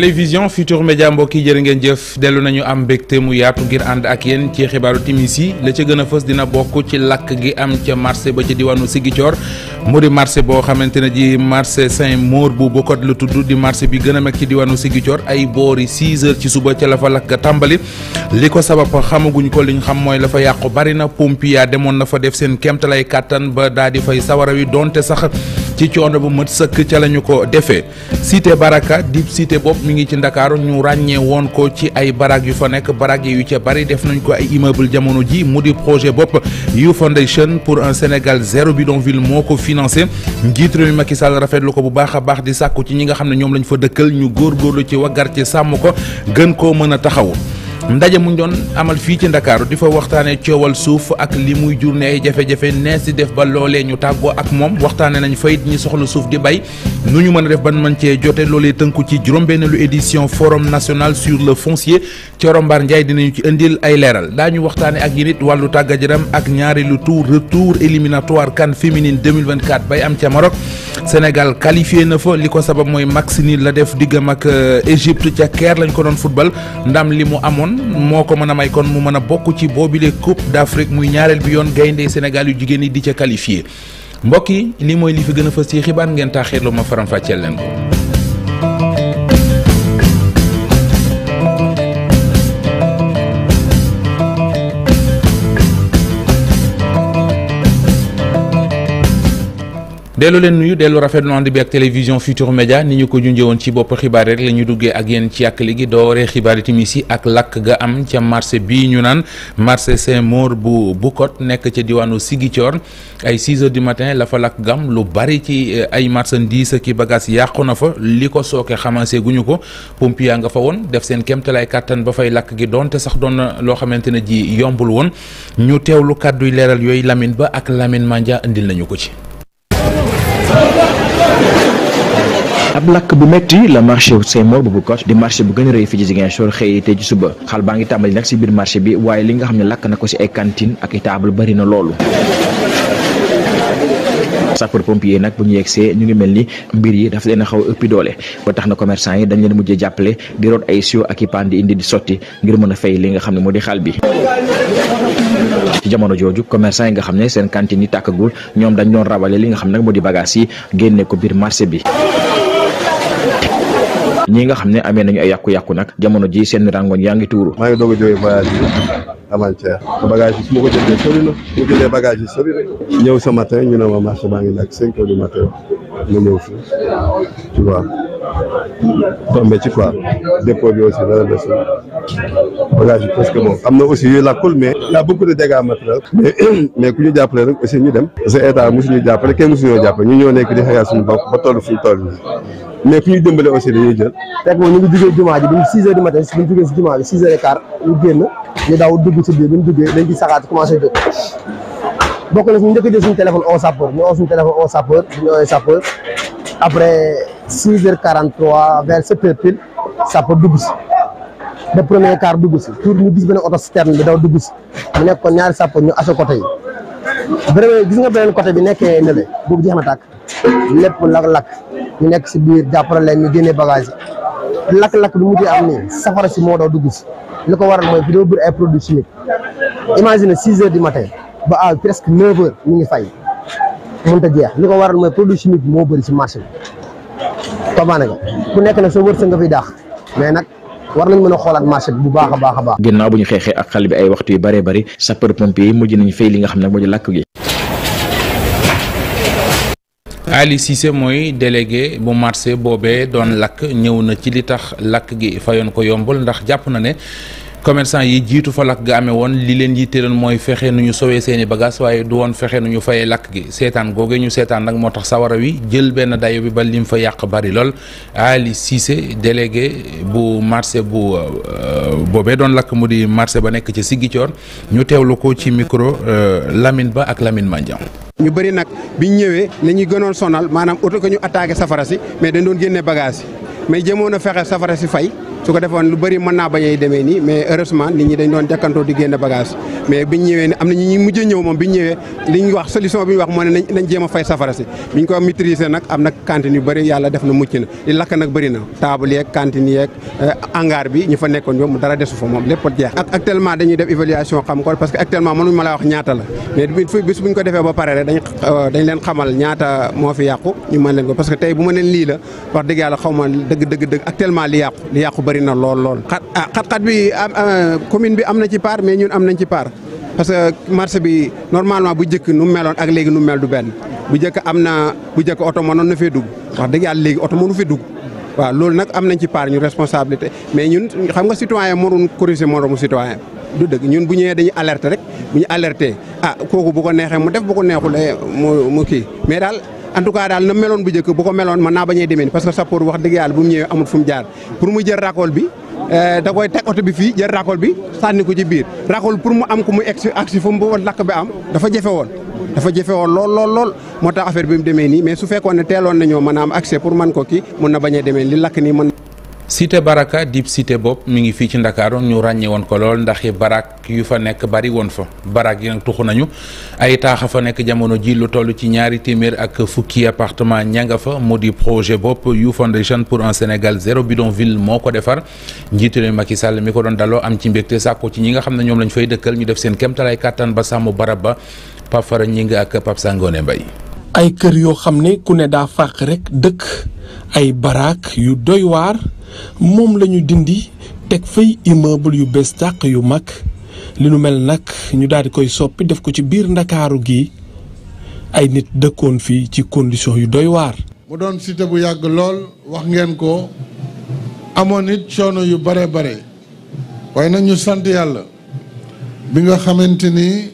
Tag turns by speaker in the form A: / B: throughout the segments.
A: télévision Futur Média mbokk yi jërë ngeen jëf dellu nañu am mbégte mu yaatu ngir ànd ak yéen ci xibaaru timis yi la ca gën a fës dina bokk ci lakk gi am ca marché ba ca diwaanu Ziguinchor mu di marché boo xamante ne ji marché Saint-Maur bu Bokot lu tudd di marché bi gën a mag ci diwaanu Ziguinchor ay boori 6 heures ci suba ca la fa lakk tàmbali li ko sabab xamaguñu ko liñ xam mooy la fa yàqu bari na pompier yaa demoon na fa def seen kéemtalaay kàttan ba daal di fay sawara wi donte sax. ci coono bu mat sëkk ca la ñu ko defee cité baraka di cité bopp mu ngi ci ndakaaru ñu ràññee woon ko ci ay barak yu fa nekk barak yu ca bari def nañ ko ay immeuble jamono ji mu di projet bopp You Foundation pour un Sénégal zéro bidonville moo ko financé njiit réew mi Macky Sall rafetlu ko bu baax a baax di sàkku ci ñi nga xam ne ñoom lañu fa dëkkal ñu góor góorlu ci waggar ci sàmm ko gën koo mën a taxaw ndaje mu doon amal fii ci ndakaaru di fa waxtaanee coowal suuf ak li muy jur ne ay jafe-jafe nees di def ba loolee ñu tàggoo ak moom waxtaanee nañ fayit ñi soxla suuf di bay nu ñu mën a def ban mën cee jote loolee tënku ci juróom lu édition forum national sur le foncier Thioro Mbar Ndiaye dinañu ci indil ay leeral ñu waxtaanee ak yi nit wàllu tàgga jëram ak ñaari lu tour retour éliminatoire CAN féminine 2024 bay am ca Maroc Sénégal qualifié na fa li ko sabab mooy max ni la def diggam ak euh, Égypte ca Caire lañ ko doon football ndam li mu amoon moo ko mën a may kon mu mën a bokk ci boobile coupe d'Afrique muy ñaareel bi yoon gaynde Sénégal yu jigéen yi di ca qualifié mbokk yi lii mooy li fi gën a fës ci xibaar ngeen taaxeerlu ma faram fàcceel leen ko. dellu leen nuyu dellu rafetlu ànd bi ak télévision Futur Média ni ñu ko junjëwoon ci bopp xibaar rek la ñu duggee ak yéen ci yàq ligi dooree xibaari timis yi ak lakk ga am ca marché bii ñu naan marché Saint-Maur bu Bukot nekk ca diwaanu Ziguinchor ay 6 heures du matin la fa lakk ga lu bari ci eh, ay marchandises ki bagages yàqu na fa li ko sooke xamase guñu ko yaa nga fa woon def seen kéemtalaay kàttan ba fay lakk gi doonte sax doon na loo xamante ne ji yombul woon ñu teewlu kàdduy leeral yooyu Lamine Ba ak Lamine Mandia indil nañu ko ci.
B: ab lakk bu metti la marché Saint-Maur bu Boucotte di marché bu gën a rëy fii ci Ziguinchor xëy tey ci suba xal baa ngi tàmbali nag si biir marché bi waaye li nga xam ne làkk na ko si ay cantine ak i table bari na loolu. sapeur pompier nag bu ñu yegsee ñu ngi mel ni mbir yi dafa leen a xaw a ëppi doole ba tax na commerçant yi dañ leen mujjee jàppale di root ay siwo ak i paan di indi di sotti ngir mën a fay li nga xam ne moo di xal bi. ci jamono jooju commerçant yi nga xam ne seen cantine yi tàkkagul ñoom dañ doon rawale li nga xam ne nag moo di bagage yi génne ko biir marché bi ñi nga xam ne amee nañu ay yàqu-yàqu nag jamono ji seen rangoñ yaa ngi tuuru. maa ngi doog a jógee voyage bi amantière bagage yi su ma ko jëndee sori yi sori
C: ñëw sa matin ñu ne ma marché ngi nag cinq heures du matin ma ñëw fii
D: tombé ci quoi dépôt bi aussi dana des
C: bagage bi parce que am na aussi yuy lakkul mais y a beaucoup de dégâts matériels mais mais ku ñu jàppale rek aussi ñu dem parce que état mosu ñu jàppale kenn mosu ñoo jàppale ñu ñoo nekk di xëyaat suñu ba toll fu ñu toll ñu dimbale aussi dañuy jël fekk moom ñu ngi jugee jumaa ji bi six heures du matin ñu jugee dugg si biir bi ñu duggee saxaat commencé jóg bokk na suñu njëkk jël suñu téléphone au sapeur ñu oo six heures quarante trois vers sept heures pile sappo dugg si ba premier car dugg si pour ñu gis beneen oto citerne bi daw dugg si mu nekk kon ñaari ñu aso côté yi vraiment gis nga beneen côté bi nekkee nële bu jeex na tàkk lépp lakk-lakk ñu nekk si biir jàppale leen ñu génnee bagage yi lakk-lakk bi mujjee am nii safara si moo daw dugg si li ko waral mooy bi dama bëri ay produits chimiques imagine six heures du matin ba à presque neuf heures ñu ngi fay mënut a jeex li ko waral mooy produit chimique moo bëri si marché bi tobaane ko ku nekk nag sa wërsëg nga fiy daax mais nag war nañ mën a xoolaat marché bu baax a baax
B: a baax. ginnaaw bu ñu xeexee ak xale bi ay waxtu yu bëree bëri sapeur pompier yi mujj nañu fay li nga xam ne moo di làkk gi.
A: Ali Cissé mooy délégué bu marché boobee doon lakk ñëw na ci li tax lakk gi fayoon ko yombul ndax jàpp na ne. commercant yi jiitu fa lakk ga amee woon li leen yitteeloon mooy fexe nu ñu sowee seen i bagages waaye du woon fexe nu ñu fayee lakk gi seetaan googe ñu seetaan nag moo tax sawara wi jël benn dayo bi ba lim fa yàq bari lool Ali Cissé délégué bu marché bu euh, boobee doon lakk mu di marché ba nekk ci siggi Ziguinchor ñu teewlu ko ci micro euh, Lamine Ba ak Lamine Mandiang
C: ñu bari nag biñ ñëwee la ñuy gënoon sonal maanaam oto ko ñu attaqué safara si mais dañ doon génne bagage yi mais jëmoon a fexe safara si fay. su ko defoon lu bëri mën naa bañ demee nii mais heureusement nit ñi dañ doon jàkkantoo di génn bagage mais biñ ñëwee ne am na ñu mujj a ñëw moom biñ ñu wax solution bi ñu wax moo ne nañ jéem a safara si biñ ko maîtriser nag na cantine yu bëri yàlla def na mucc na li lakk nag bëri na table yeeg cantine yeeg eh, hangar bi ñu fa nekkoon yow dara desu fa moom lépp jeex ak actuellement dañuy def évaluation xam ko parce que actuellement mënuñ ma la wax ñaata la mais bis buñ ko defee ba pare rek dañ euh, leen xamal ñaata moo fi yàqu ñu man leen ko parce que tey bu ma leen lii la wax dëgg yàlla xaw ma dëgg dëgg dëgg actuellement li bëri na lool lool. Ah, xat-xat bi commune bi am na ci part mais ñun am nañ ci part parce que marché bi normalement bu njëkk nu meloon ak léegi nu mel du benn bu njëkk am na bu njëkk oto mënoon na fee dugg wax dëgg yàlla léegi oto mënu fi dugg. waaw loolu nag am na ci part ñu responsabilité mais ñun xam nga moo citoyen mënuñ corriger moromu citoyen du dëgg ñun bu ñëwee dañu alerter rek bu ñu alerter a ah, kooku bu neexee mu def bu ko neexulee mu mu kii mais daal. en tout cas daal na meloon bu njëkk bu ko meloon mën naa bañee demee parce que sappoor wax dëgg bu mu ñëwee amul jaar pour mu jël racole bi eh, da koy teg oto bi fii jël racole bi sànni ko ci biir racole pour mu am ko mu egsi agsi fu lakk bi am dafa jafe woon dafa jafe woon lool lool lool moo tax affaire bi mu demee nii mais su fekkoon ne teeloon nañoo mën a am accès pour mën ko kii mun na bañ a demee li lakk nii mën
A: cité baraka dib cité bopp mu ngi fii ci ndakaaru ñu ràññee woon ko lool ndax barak yu fa nekk bari woon fa barak yi nag tuxu nañu ay taaxa fa nekk jamono ji lu toll ci ñaari téeméer ak fukki appartement ña nga fa mu di projet bopp You Foundation pour un Sénégal zéro bidonville moo ko defar njiitu leen Macky Sall mi ko doon daloo am ci mbégte sàkku ci ñi nga xam ne ñoom lañ fay dëkkal ñu def seen ay kàttan ba sàmm barab ba Pape Fara ñi nga ak Pape Sangone Mbaye
E: ay kër yoo xam ne ku ne daa fàq rekk dëkk ay baraak yu doy waar moom la dindi teg fay immeuble yu bees tàq yu mag li ñu mel nag ñu daal di koy soppi def ko ci biir ndakaaru gi ay nit dëkkoon fii ci condition yu doy waar.
F: mu doon cité bu yàgg lool wax ngeen ko amoon it coono yu bare bare waaye nag ñu sant yàlla bi nga xamante ni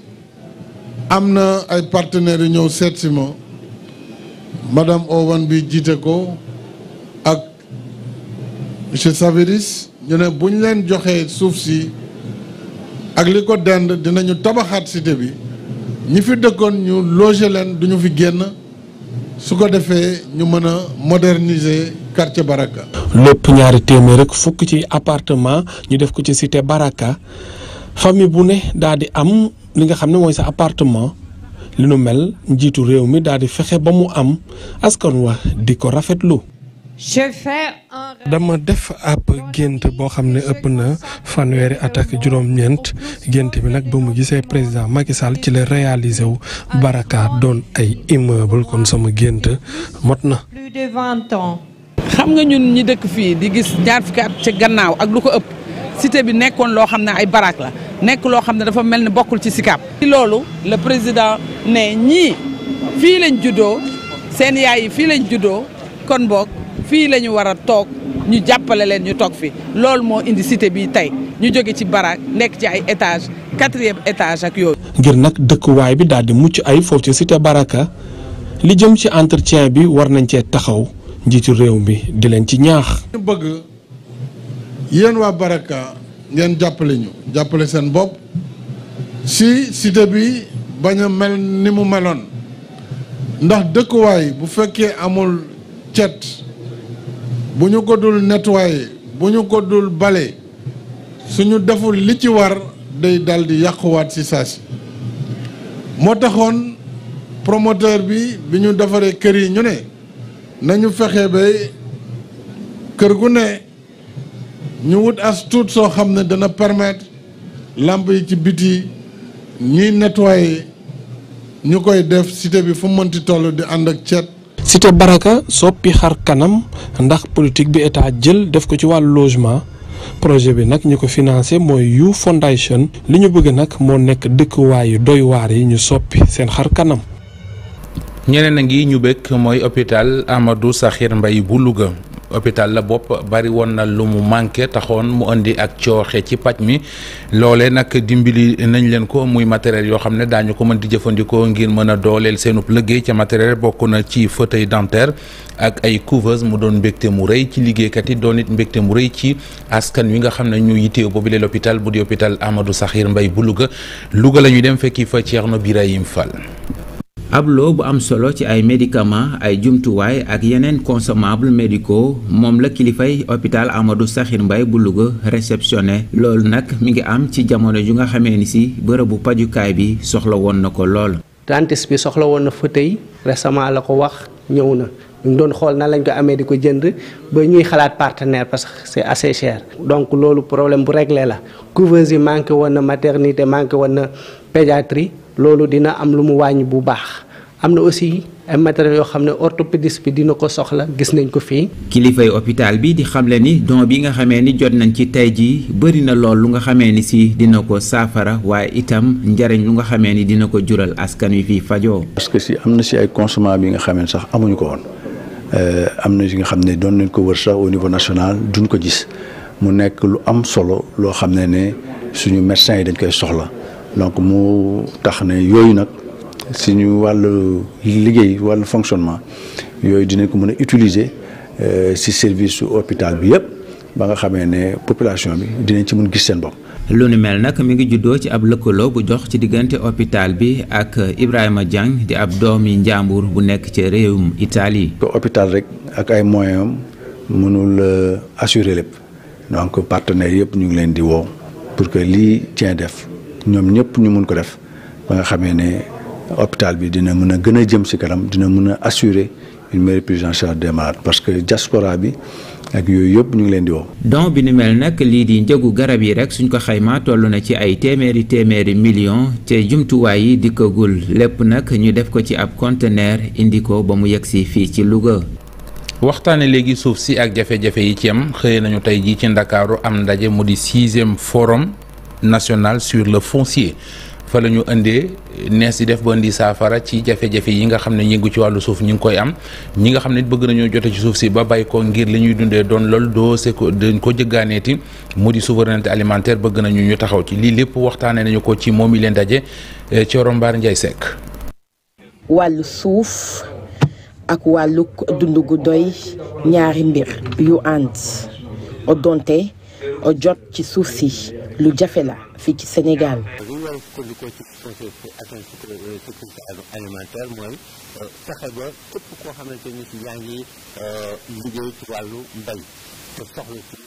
F: am na ay partenaires yu ñëw seet ma madame Owen bi jiite ko ak monsieur Saviris ñu ne buñ leen joxee suuf si ak li ko dend dinañu tabaxaat cité bi ñi fi dëkkoon ñu loger leen duñu fi génn su ko defee ñu mën a moderniser quartier Baraka.
E: lépp ñaari téeméer rek fukk ci appartement ñu def ko ci cité Baraka famille bu ne daal di am li nga xam ne mooy sa appartement. li nu mel njiitu réew mi daal di fexe ba mu am askan wa di ko rafetlu. dama def ab gént boo xam ne ëpp na fanweeri at ak juróom-ñeent gént bi nag ba mu gisee président Macky Sall ci la réalisé wu baraka doon ay immeuble kon sama gént mot na.
G: xam nga ñun ñi dëkk fii di gis ñaar fukki at ca gannaaw ak lu ko ëpp. cité bi nekkoon loo xam ne ay baraak la nekk loo xam ne dafa mel ni bokkul ci Sicap ci loolu la président ne ñii fii lañ juddoo seen yaay yi fii lañ juddoo kon boog fii la ñu war a toog ñu jàppale leen ñu toog fi loolu moo indi cité bi tey ñu jóge ci baraak nekk ci ay étage quatrième étage ak yooyu.
E: ngir nag dëkkuwaay bi daal di mucc ay foofu ci cité Baraka li jëm ci entretien bi war nañ cee taxaw njiitu réew mi di leen ci ñaax.
F: yéen waa Baraka ngeen jàppale ñu jàppale seen bopp si site bi bañ a mel ni mu meloon ndax dëkkuwaay bu fekkee amul cet bu ñu ko dul nettoyer bu ñu ko dul bale suñu deful li ci war day dal yàquwaat ci saa si moo taxoon promoteur bi bi ñu defaree kër yi ñu ne nañu fexe ba kër gu ne ñu wut as tuut soo xam ne dana permettre làmp yi ci biti ñiy nettoyer ñu koy def cité bi fu mënti toll di ànd ak ceet cité Baraka soppi xar kanam
E: ndax politique bi état jël def ko ci wàllu logement projet bi nag ñi ko financé mooy You Foundation li ñu bëgg nag moo nekk dëkkuwaay yu doy waar yi ñu soppi seen xar kanam.
A: ñeneen a ngi ñu bëgg mooy hôpital Amadou Sakhir Mbaye bu Louga. hôpital la bopp bari woon na lu mu manqué taxoon mu indi ak cooxe ci paj mi loolee nag dimbili nañ leen ko muy matériel yoo xam ne daañu ko mën di jëfandikoo ngir mën a dooleel seenu liggéey ca matériel bokk na ci fauteuil dentaire ak ay couveuse mu doon mbégte mu rëy ci liggéeykat yi doon it mbégte mu rëy ci askan wi nga xam ne ñu yitteewu boobu leen bu di hôpital amadu Sakhir mbay bu Louga Louga la ñuy dem fekki fa Thierno Birahim Fall ab loo bu am solo ci ay médicaments ay jumtuwaay ak yeneen consommables médicaux
C: moom la kilifay hôpital amadu Sakhir mbay bu Louga réceptionné loolu nag mi ngi am ci jamono ju nga xamee ni si bërëbu pajukaay bi soxla woon na ko lool. dentiste bi soxla woon na fa tey récemment la ko wax ñëw na ñu doon xool na lañ ko amee di ko jënd ba ñuy xalaat partenaire parce que c'est assez cher. donc loolu problème bu réglé la couveuse yi manqué woon na maternité manqué woon na pédiatrie loolu dina am lu mu wàññi bu baax am na aussi. ay matériels yoo xam ne orthopédiste bi dina ko soxla gis nañ ko fii. kilifay hôpital bi di xamle ni don bi nga xamee ni jot nañ ci tey jii bëri na lool lu nga xamee ni si dina ko saafara waaye itam njariñ lu nga xamee ni dina ko jural askan wi fii fajoo.
D: parce que si am na si ay consommation bi nga xamee sax amuñu ko woon. Euh, am na yi nga xam ne doon nañ ko wër sax au niveau national duñ ko gis mu nekk lu am solo loo xam ne ne suñu médecins yi dañ koy soxla donc mu tax ne yooyu nag suñu wàll liggéey wàll fonctionnement yooyu dinañ ko mën a utiliser euh, si service su hôpital bi yëpp ba nga xamee ne population bi dinañ ci mën gis seen bopp.
C: lu nu mel nag mi ngi juddoo ci ab lëkkaloo bu jox ci diggante hôpital bi ak Ibrahima Diagne di ab doomi njàmbur bu nekk ci réewum Italie.
D: ko hôpital rek ak ay moyen am mënul euh, assurée lépp donc partenaires yëpp ñu ngi leen di woo pour que lii cee def ñoom ñëpp ñu mun ko def ba nga xamee ne hôpital bi dina mën a gën a jëm si kanam dina mën a assurer une meilleure prise en charge parce que diaspora bi. ak yooyu yëpp ñu ngi leen di woo.
C: don bi ni mel nag lii di njëgu garab yi rek suñ ko xaymaa toll na ci ay téeméeri téeméeri million te jumtuwaay yi dikkagul lépp nag ñu
A: def ko ci ab conteneur indi ko ba mu yegg yegsi fii ci Louga. waxtaane léegi suuf si ak jafe-jafe yi ci am xëyee nañu tey jii ci ndakaaru am ndaje mu di sixième forum national sur le foncier. fa la ñu indee nees di def ba indi saafara ci jafe-jafe yi nga xam ne yëngu ci wàllu suuf ñu ngi koy am ñi nga xam ne bëgg nañoo jote ci suuf si ba bay ko ngir li ñuy dundee doon lool doose ko dañ ko jëggaaneeti mu di souveraineté alimentaire bëgg nañu ñu taxaw ci lii lépp waxtaanee nañu ko ci moom yi leen daje eh, Thioro Mbar Ndiaye Seck.
G: wàllu suuf ak wàllu dund gu doy ñaari mbir yu ànd donte jot ci suuf si lu jafe la fii ci Sénégal.
D: ñu war a ci conseil sécurité
C: alimentaire mooy euh, fexe ba képp koo xamante ni si yaa ngi euh, liggéey ci wàllu mbay te soxla ci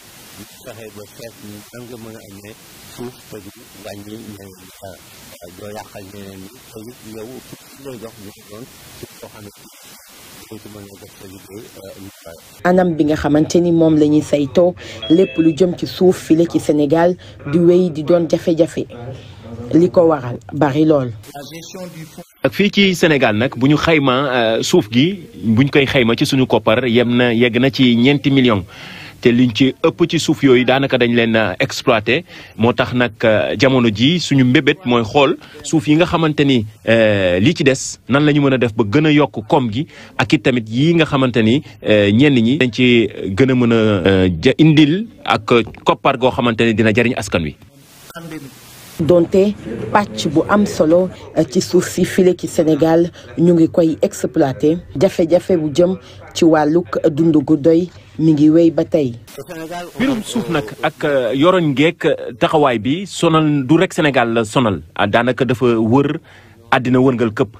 C: ñu ba seet ñu nan nga mën a amee suuf te du wàññi euh, doo yàqal ñeneen ñi te it anam bi
G: nga xamante ni moom lañuy saytoo lépp lu jëm ci suuf file ci Sénégal di wéy di doon jafe-jafe li ko waral bari lool.
H: ak fii ci Sénégal nag bu ñu xayma euh, suuf gi buñ koy xayma ci suñu koppar yem na yegg na ci ñeenti million te liñ ci ëpp ci suuf yooyu daanaka dañ leen exploité moo tax nag euh, jamono ji suñu mbébét mooy xool suuf yi nga xamante ni euh, lii ci des nan lañu ñu mën a def ba gën a yokk koom gi ak it tamit yii nga xamante ni euh, ñenn ñi dañ ci gën a mën a indil ak koppar goo xamante ni dina jariñ askan wi
G: donte pàcc bu am solo ci suuf si file ci Sénégal ñu ngi koy exploité jafe-jafe bu jëm ci wàllug dund gu doy mi ngi wéy ba tey.
H: mbirum suuf nag ak euh, yoroñ geek euh, taxawaay bi sonal du rek Sénégal la sonal ah, daanaka dafa wër àddina wërngal këpp.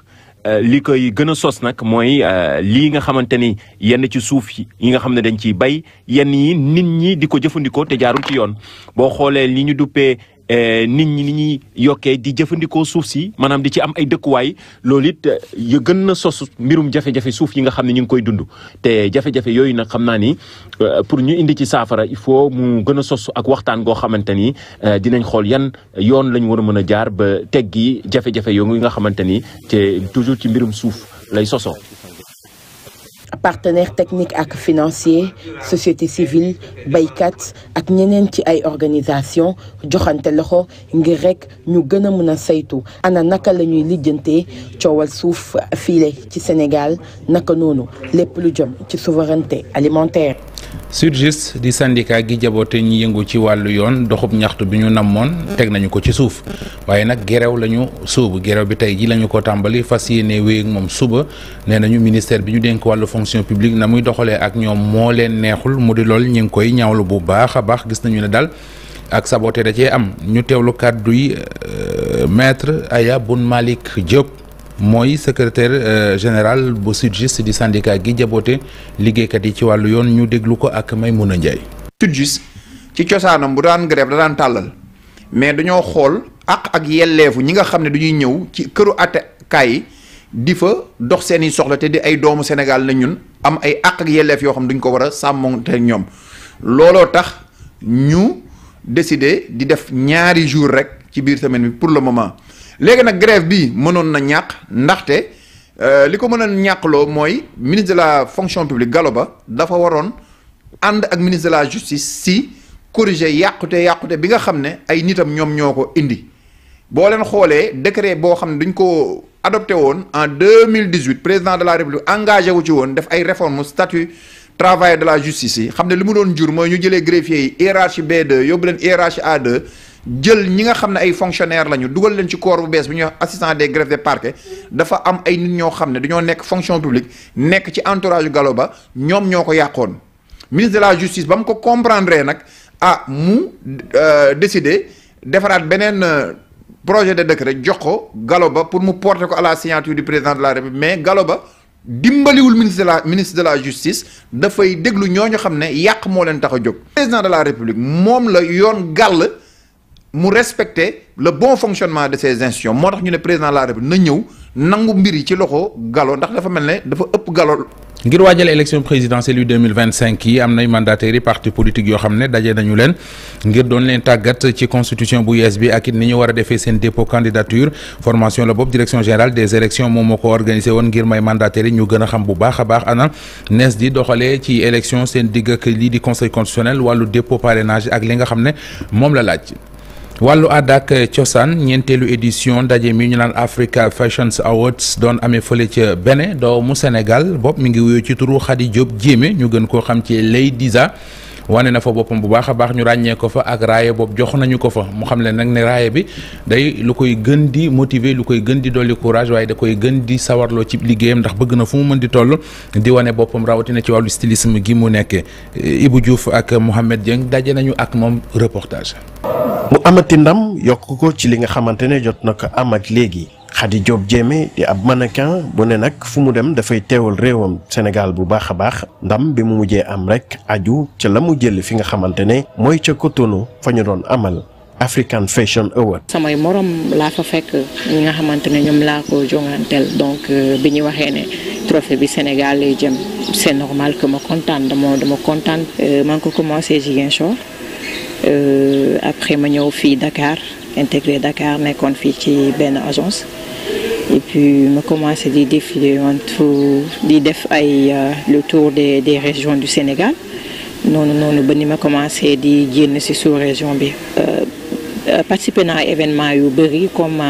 H: Euh, li koy gën a sos nag mooy lii nga xamante ni yenn ci suuf yi nga xam ne dañ ciy bay yenn yi nit ñi di ko jëfandikoo te jaarul ci yoon boo xoolee li ñu duppee Eh, nit ñi ni ñuy yokkee di jëfandikoo suuf si maanaam di ci am ay dëkkuwaay loolu it yu eh, gën na sos mbirum jafe-jafe suuf yi nga xam ne ñu ngi koy dund te jafe-jafe yooyu nag xam naa ni eh, pour ñu indi ci saafara il faut mu gën a sos ak waxtaan goo xamante ni dinañ xool yan yoon lañ war a mën a jaar ba teggi jafe-jafe yooyu nga xamante ni te toujours ci mbirum suuf lay soso
G: partenaires technique ak financiers société civile baykat ak ñeneen ci ay organisation joxante loxo ngir rekk ñu gën a mën a saytu ana naka la ñuy lijjantee coowal suuf fiile ci Sénégal naka noonu lépp lu jëm ci souveraineté alimentaire
A: surgis di syndicat gi jaboote ñi yëngu ci wàllu yoon doxub ñaxtu bi ñu namoon teg nañu ko ci suuf waaye nag gerew la ñu suubu gerew bi tey ji la ko tàmbali fas yéene wéy ak moom suba nee nañu ministère bi ñu dénk wàllu fonction publique na muy doxalee ak ñoom moo leen neexul mu di lool ñu ngi koy ñaawlu bu baax a baax gis nañu ne daal ak saboté da cee am ñu teewlu kàddu yi euh, maître Aya Boun Malick Diop mooy secrétaire euh, général bu SYTJUST di syndicat gi jaboote liggéeykat yi ci wàllu yoon ñu déglu ko ak Maymouna Ndiaye.
I: SYTJUST ci cosaanam bu daan grève da daan tàllal mais dañoo xool ak ak yelleefu ñi nga xam ne du ñëw ci këru àttekaay yi. di fa dox seen i soxla te di ay doomu Sénégal la ñun am ay àq ak yelleef yoo xam duñ ko war a sàmmonte ñoom looloo tax ñu décider di def ñaari jour rek ci biir semaine bi pour le moment léegi nag grève bi mënoon na ñàkk ndaxte euh, li ko mën a ñàkkloo mooy ministre la fonction publique galo Ba dafa waroon ànd ak ministre la justice si corriger yàqute yàqute bi nga xam ne ay nitam ñoom ñoo ko indi boo leen xoolee décret boo xam ne duñ ko adopté woon en 2018 président de la république engagé wu ci woon def ay réformes statut travail de la justice yi xam ne li mu doon jur mooy ñu jëlee greffier yi hiérarchie B2 yóbbu leen hiérarchie a jël ñi nga xam ne ay fonctionnaires lañu dugal leen ci koor bu bees bi ñuy wax assistant des greffes des parquets dafa am ay nit ñoo xam ne dañoo nekk fonction publique nekk ci entourage Gallo Ba ñoom ñoo ko yàqoon ministre de la justice ba mu ko comprendre nag ah mu euh, décider defaraat beneen. Euh, projet de décret jox ko galo ba pour mu porter ko à la signature du président de la République mais galo ba dimbaliwul ministre de la ministre de la justice dafay déglu ñooñu xam ne yàq moo leen tax a jóg. président de la République moom la yoon gàll mu respecter le bon fonctionnement de ces institutions moo tax ñu ne président de la République na ñëw nangu mbir yi ci loxo galo ndax dafa mel ne dafa ëpp galo.
A: ngir waajal élection présidentielle yu 2025 yi am nay mandataires yi parti politique yoo xam ne daje nañu leen ngir doon leen tàggat ci constitution bu yees bi ak it ni ñu war a defee seen dépôt candidature formation la bopp direction générale des élections moom moo ko organisé woon ngir may mandataires yi ñu gën a xam bu baax a baax ana nees doxalee ci élection seen digg ak lii di conseil constitutionnel wàllu dépôt parrainage ak li nga xam ne moom la laaj. wàllu aada ak cosaan ñeenteelu édition ndaje mi ñu naan Africa Fashions Awards doon amee fële ca doo mu Sénégal bopp mi ngi wuyoo ci turu Khady Diop Diémé ñu gën koo xam ci Lay Diza wane na fa boppam bu baax a baax ñu ràññee ko fa ak raaye boobu jox nañu ko fa mu xam leen nag ne raaye bi day lu koy gën di motiver lu koy gën di dolli courage waaye da koy gën di sawarloo ci liggéeyam ndax bëgg na fu mu mën di toll di wane boppam rawatina ci wàllu stylisme gi mu nekkee Ibou Diouf ak Mouhamed Dieng daje nañu ak moom reportage. mu amati ndam
D: yokk ko ci li nga xamante ne jot na ko amat léegi. Khady Diop Diémé di ab mannequin bu ne nag fu mu dem dafay teewal réewam Sénégal bu baax a baax ndam bi mu mujjee am rek aju ca la mu jël fi nga xamante ne mooy ca Cotonou fa ñu doon amal African Fashion Award.
J: samay morom laa fa fekk ñi nga xamante ne ñoom laa ko jonganteel donc euh, bi ñu waxee ne trophée bi Sénégal lay jëm c'est normal que ma kontaan dama dama kontaan. Euh, ko commencé Ziguinchor euh, après ma ñëw fii Dakar. intégré Dakar nekkoon fii ci benn agence et ma commencé di défiler entre di def ay euh, le tour des des régions du Sénégal noonu noonu ba ni ma commencé di génn ci sous-région bi. Euh, euh, participer naa événement yu bëri comme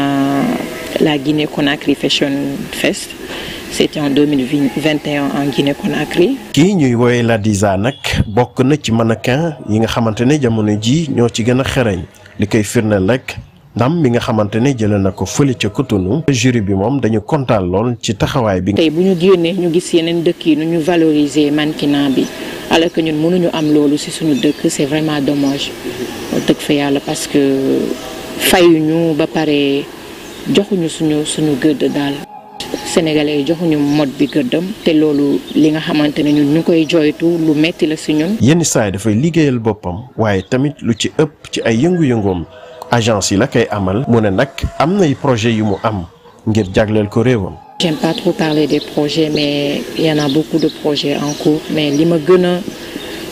J: la Guinée Conakry Fashion Fest c'était en 2021 en Guinée Conakry.
D: kii ñuy woowee Ladisa nag bokk na ci mannequin yi nga xamante ne jamono ji ñoo ci gën a xereñ. li koy firndeel rek ndam bi nga xamante ne jëlee na ko fële ca Cotonou jury bi moom dañu kontaan lool ci taxawaay bi. tey bu
J: ñu génnee ñu gis yeneen dëkk yi nu ñu valoriser mannequinat bi alors que ñun mënuñu am loolu ci suñu dëkk c'est vraiment dommage dëgg fa yàlla parce que fayuñu ba pare joxuñu suñu suñu gëdd daal. sénégalais yi joxuñu mot bi gëddam te loolu li nga xamante ne ñun ñu koy jooytu lu metti la si ñun.
D: yenn saa yi dafay liggéeyal boppam waaye tamit lu ci ëpp ci ay yëngu-yëngoom agence yi la koy amal mu ne nag am nay projet yu mu am ngir jagleel ko réewam.
J: j'aime pas trop des projets mais il y en a de projet en cours mais li ma gën a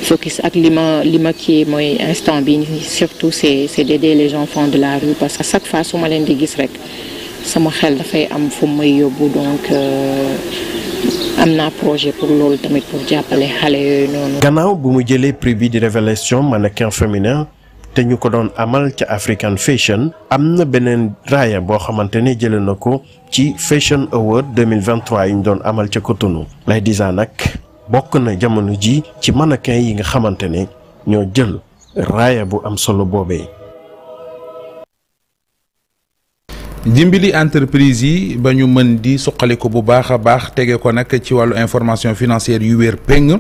J: focus ak li ma li ma kii mooy instant bi surtout c'est c'est d'aider les enfants de la rue parce que à chaque fois su ma leen di gis rek. sama xel dafay am fu may yóbbu donc euh, am naa projet pour loolu tamit pour jàppale xale yooyu noonu. gannaaw bu
D: mu jëlee prix bi di révélation mannequin féminin te ñu ko doon amal ca African Fashion am na beneen raaya boo xamante ne jëlee na ko ci Fashion Award 2023 yi ñu doon amal ca Cotonou lay disa nag bokk na jamono ji ci mannequin yi nga xamante ne ñoo jël raaya bu am solo boobee.
A: dimbali entreprise yi ba ñu mën di suqali ko bu baax a baax tege ko nag ci wàllu information financière yu wér péng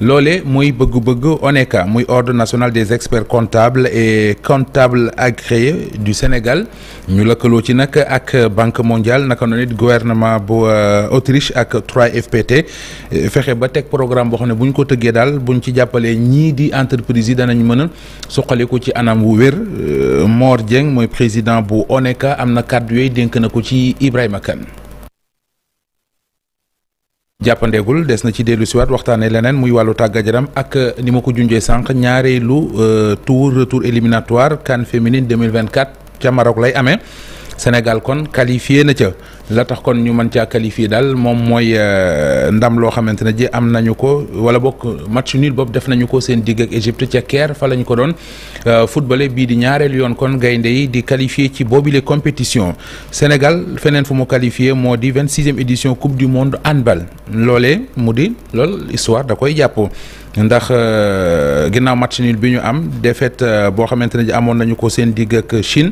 A: loole mooy bëgg-bëgg oneka muy ordre national des experts comptables et comptables agréés du Sénégal ñu lëkkaloo ci nag ak banque mondial naka noonu it gouvernement bu euh, Autriche ak 3FPT euh, fexe ba teg programme boo xam ne buñ ko tëggee daal bu ñu ci jàppalee ñii di entreprise yi danañ mën a suqaliku ci anam wu wér euh, Mor Dieng mooy président kàddu yooyu dénk na ko ci Ibrahima Kane jàppandeegul des na ci dellu siwaat waxtaanee leneen muy wàllu tàggat yaram ak ni ma ko junjee sànq ñaareelu euh, tour retour éliminatoire CAN féminine 2024 ca Maroc lay amee Sénégal kon qualifié na ca la tax kon ñu mën caa qualifié daal moom mooy euh, ndam loo xamante ne ji am nañu ko wala bokk match nul boobu def nañu ko seen digg ak Égypte ca Caire fa lañu ko doon euh, footballé bii di ñaareel yoon kon gaynde yi di qualifié ci boobile compétition Sénégal feneen fu mu qualifié moo di vingt sixième édition coupe du monde handball loole mu di lool histoire da koy jàppoo ndax euh, ginnaaw match nul bi ñu am défaite boo xamante ne ji amoon nañu ko seen digg Chine.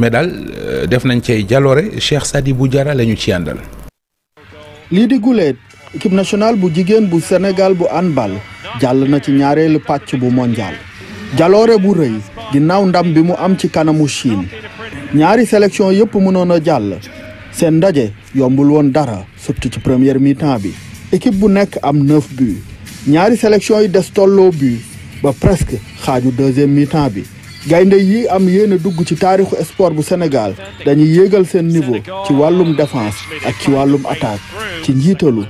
A: mais daal euh, def nañ cay jaloore Cheikh Sadibou Diarra la ñu ci àndal.
B: lii di guleet équipe nationale bu jigéen bu Sénégal bu handball jàll na ci ñaareelu pàcc bu mondial jaloore bu rëy ginnaaw ndam bi mu am ci kanamu Chine ñaari sélection yëpp mënoon a jàll seen ndaje yombul woon dara surtout ci première mi bi équipe bu nekk am neuf buts ñaari sélection yi des tolloo but ba presque xaaju deuxième mi bi. gaynde yi am yéen a dugg ci taarixu sport bu Sénégal dañuy yéegal seen niveau ci wàllum défense ak ci wàllum attaque ci njiitalu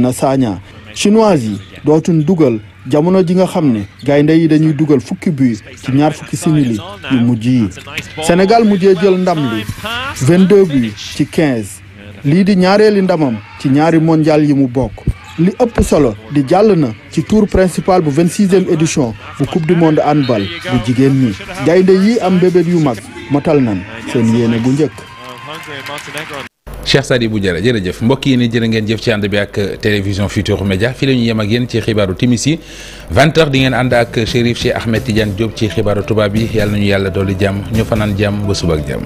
B: na Sagna chinois yi dootuñ dugal jamono ji nga xam ne gaynde yi dañuy dugal fukki but ci ñaar fukki simili yu mujj yi Sénégal mujjee jël ndam li 22 but ci 15 lii di ñaareeli ndamam ci ñaari mondial yi mu bokk li ëpp solo di jàll na ci tour principal bu 26e édition bu coupe du monde handball bu jigéen ñi gaynde yi am mbébét yu mag motal nan seen yéene bu njëkk
A: Cheikh Sadibou Diarra jërëjëf mbokk yi ni jërë ngeen jëf ci ànd bi ak télévision Futurs Médias fii la ñu yem ak yéen ci xibaaru timis yi 20 di ngeen ànd ak Chérif Cheikh Ahmed Tidiane Diop ci xibaaru tubaab yi yàlla nañu yàlla dolli jàmm ñu fanaan jàmm ba sub ak jam